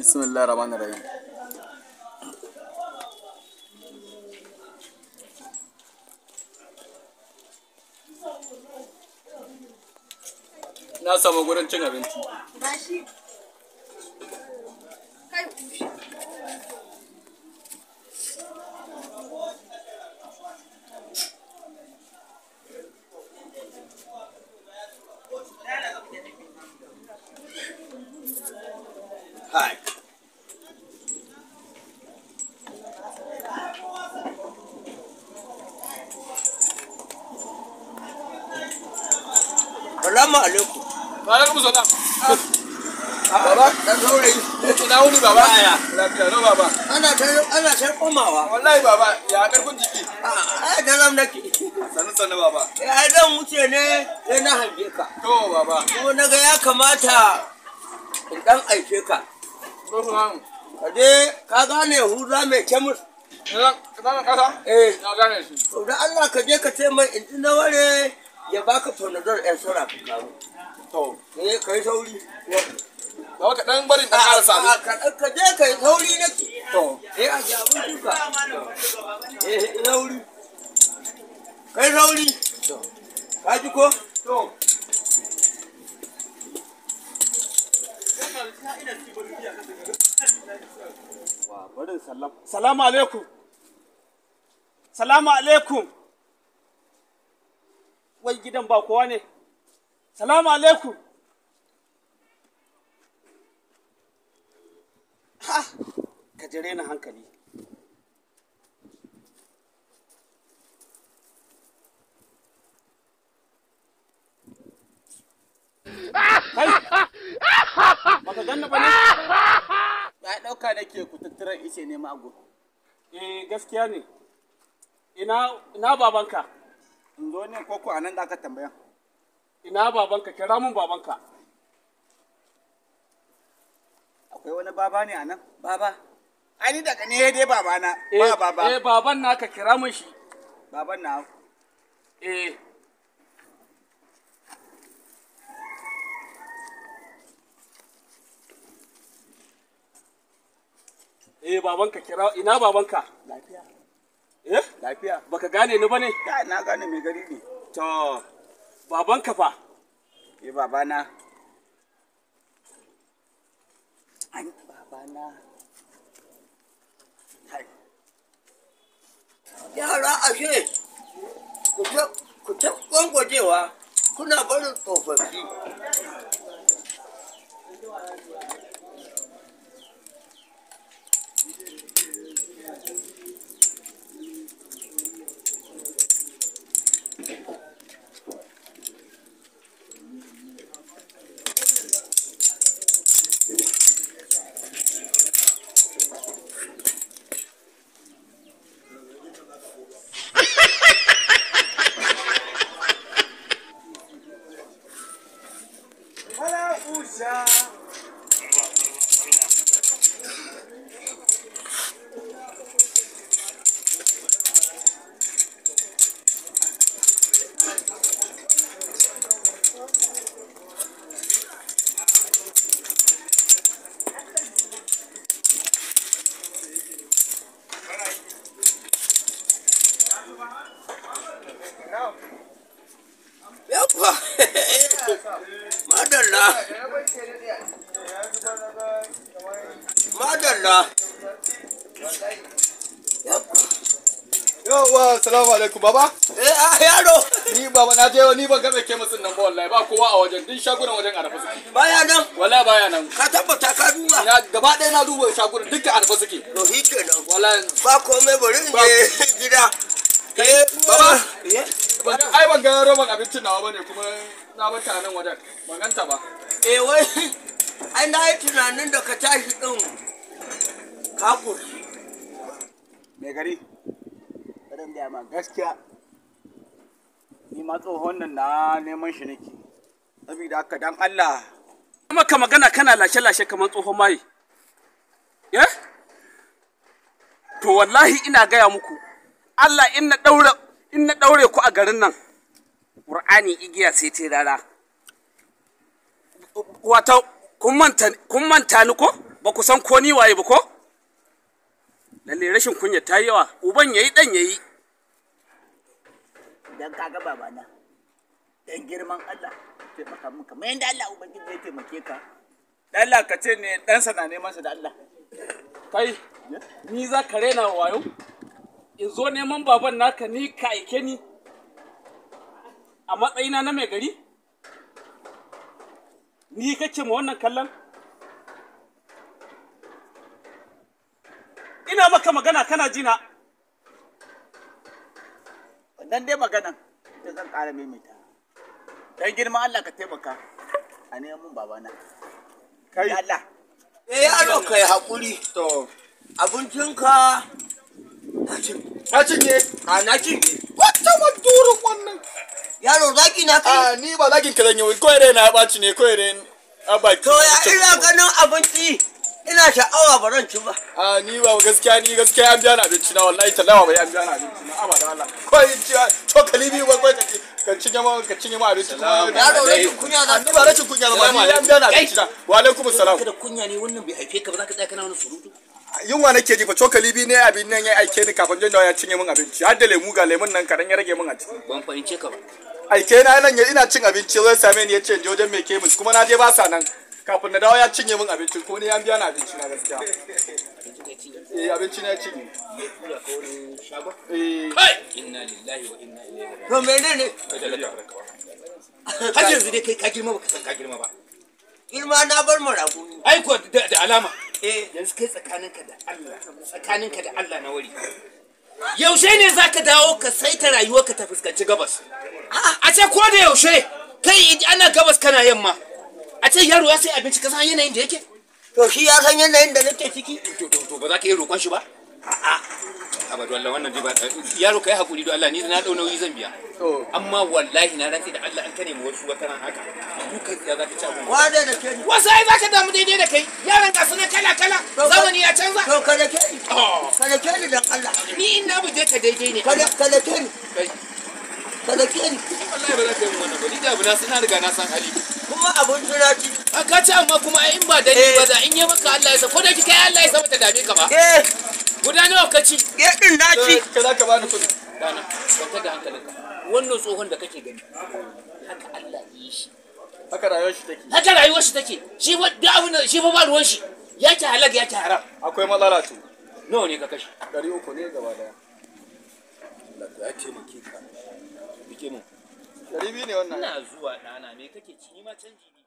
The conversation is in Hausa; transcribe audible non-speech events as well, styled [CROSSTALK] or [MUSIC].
bismillah rahman rahim na samu gurin cin abinci Assalamu alaikum. Wa alaikum salam. Ah, ah, baba, dan saurayi. Ina wuni baba? Aya. Lafiya no baba. Ana ta ana ta komawa. Wallahi baba, ya karfin jiki. Ah, ai da lam nake. Sanu sanu baba. Ya dan wuce ne sai na hange ka. To baba. Ko naga ya kamata in dan aike ka. Kaje ka gane hura mai kemus. Ina kana kasa? Eh. Na gane shi. To da Allah ka je ka ce mai in na ware ya baka tonadol ɗan sura to ne eh, ka yi sauri ba ka dan barin da ƙara sami ka je ka yi sauri na to eh a ji abin duka eh sauri kai sauri to ka ji ko to Salamu alaikum. Salamu alaikum. wai gidan ba kowa ne salamu alaikum ha ka jire na hankali Kai! Baka ganna ba ne? Ya ɗauka nake ku tattaran ishe ne mago. Eh gaskiya ne. Ina babanka? in zo ne ko ko anan da aka tambaya ina babanka kira mun babanka akwai wani baba ne anan baba ai ni daga ne dai baba na ba eh, baba eh baban naka kira mun shi baban na eh Eh babanka kira ina babanka lafiya Eh? Lafiya. Baka gane ni bane? Ka na gane mai gari ne. To, baban ka fa? Eh babana. An babana. Hai. Yara ashe. Ku ta kuna barin tsofaffi. madalla madalla yawa salamu alaikum baba eh ah, yaro ni baba na je ni ban ga mai kemisin nan ba wallahi ba kowa a wajen din shagunan wajen arafa suke baya nan wallahi baya nan ka tabbata ka duba na gaba ɗaya na duba shagunan dukkan arafa suke to shi kenan wallahi ba komai bari in je gida eh baba eh. ai ban ga roban abincin nawa bane kuma na bata nan wajen ban ganta ba eh wai ai na yi tunanin da ka tashi din kakur me gari ran da ma gaskiya ni ma tsohon nan na neman shi nake saboda haka dan Allah Kuma ka magana kana lashe-lashe kamar tsohon mai eh to wallahi ina gaya muku Allah in na daura in na ɗaure ku a garin nan ƙur'ani igiya sai ta rara wato kun manta ni ko ba ku san ko ni waye ba ko lalle rashin kunya ta yi yawa uban ya yi dan yayi dan kaga babana dan girman Allah taimaka min kamar yadda Allah ubangiji zai taimake ka dan Allah ka ce ne dan sana neman sa da Allah kai ni za ka rena wayo in zo neman baban naka ni ka aike ni a matsayina na mai gari ni kake ma wannan kallon ina maka magana kana jina wannan dai maganan ta zan ƙara maimaita dan girma Allah ka taimaka a neman babana kai Allah eh yaro kai hakuri to abincinka a cinye a na cinye wata madurin wannan yaro zaki na kai a ni ba zakin ka zanyi kawai rai na ɓaci ne ko rai a baki to ya ina ganin abinci ina sha'awa ba ran ci ba a ni ba gaskiya ni gaskiya an biya na abinci na wallahi talawa bai an biya na abinci na amma da Allah kawai ci cokali biyu ba kai ka ci ka cinye ma ka cinye ma abinci kuma yaro rashin kunya za ba rashin kunya ba ni an biya na abinci na wa alaikum salam kada kunya ne wannan bai haife ka ba za ka tsaya kana wani surutu yunwa nake ji ko cokali bi ne abin nan ya aike ni kafin jin ya cinye min abinci har da lemu ga lemun nan karan ya rage min a ciki ban fahimce ka ba aike na nan ya ina cin abinci zai same ni ya ce jojen ke kemis kuma na je ba sa nan kafin na dawo ya cinye min abinci ko ne ya biya na abinci na gaskiya eh abinci na cinye eh inna lillahi wa inna ilaihi raji'un to menene ka [LAUGHS] yanzu dai kai ka girma baka san ka girma ba girma na bar mu rago ai ko da alama Eh. yanzu kai tsakaninka da Allah tsakaninka da Allah na wuri yaushe ne za ka dawo ka saita rayuwarka ta fuskanci gabas a ce ko da yaushe kai ana gabas kana yamma a ce yaro ya sai abinci ka san yanayin da yake to shi ya san yanayin da nake ciki to to to ba za ka yi roƙon shi ba a'a abadu Allah wannan dai ba yaro kai hakuri don Allah ni na dau nauyi zan biya amma wallahi na rantsi da Allah ka nemi wasu wata ran haka dukan tsiya za ta ci abin wane da ke ni wasu ai za ka damu daidai da kai yaran ga sunan kala kala zamani ya canza to ka da ke ni oh. ka da ke ni dan Allah ni in na buje ka daidai ne ka da ke ni ka da ke ni wallahi ba za ka yi wannan ba ni da abu na suna riga na san hali kuma abun jira ci. a ka ci amma kuma in ba eh. da ni ba za in yi maka Allah ya sa ko da ki kai Allah ya sa ba dame ka ba eh. guda nawa ka ci eh din na ci eh, ka za ka bani kuɗi dana kwanta da hankalinka wannan tsohon da kake gani haka Allah yi shi haka rayuwar shi take haka rayuwar shi take shi fa duk abin shi fa ba ruwan shi yake halak yake haram akwai matsala to nawa ne ka kashi dari uku ne gaba daya Allah ya maki ka bike mu dari biyu ne wannan ina zuwa dana me kake ci ni ma canji ne